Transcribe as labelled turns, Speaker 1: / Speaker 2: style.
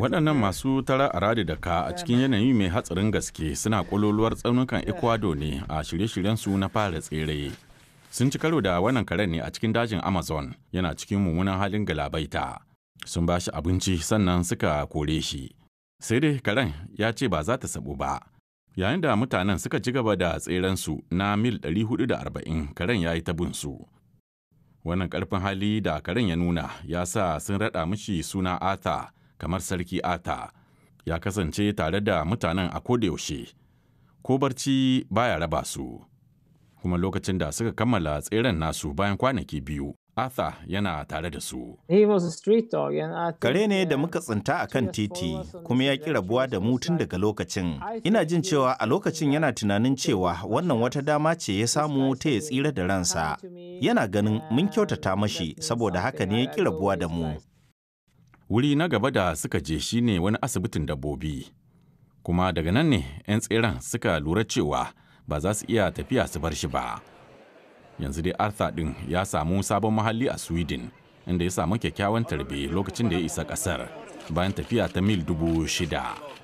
Speaker 1: waɗannan masu tara a radi da ka a cikin yanayi mai hatsarin gaske suna ƙololuwar tsaunukan ecuador ne a shirye-shiryen su na fara tsere sun ci karo da wannan karen ne a cikin dajin amazon yana cikin mummunan halin galabaita sun ba shi abinci sannan suka kore shi sai dai karen ya ce ba za ta sabu ba yayin da mutanen suka ci gaba da tserensu na mil 440 karen ya yi tabinsu wannan karfin hali da karen ya nuna ya sa sun raɗa mishi suna arthur kamar sarki ata ya kasance tare da mutanen a kodayaushe ko barci baya raba su kuma lokacin da suka kammala tseren nasu bayan
Speaker 2: kwanaki biyu Arthur yana tare da su. Kare ne da muka tsinta a kan titi kuma ya ƙi rabuwa da mu tun daga lokacin. Ina jin cewa a lokacin yana tunanin cewa wannan wata dama ce ya samu ta ya tsira da ransa. Yana ganin mun kyautata mashi saboda haka ne ya ƙi rabuwa da mu. wuri na gaba
Speaker 1: da suka je shi ne wani asibitin dabbobi kuma daga nan ne 'yan tseren suka lura cewa ba za su iya tafiya su bar shi ba yanzu dai arthur din ya samu sabon mahalli a sweden inda ya samu kyakkyawan tarbe lokacin da ya isa kasar
Speaker 3: bayan tafiya ta mil dubu shida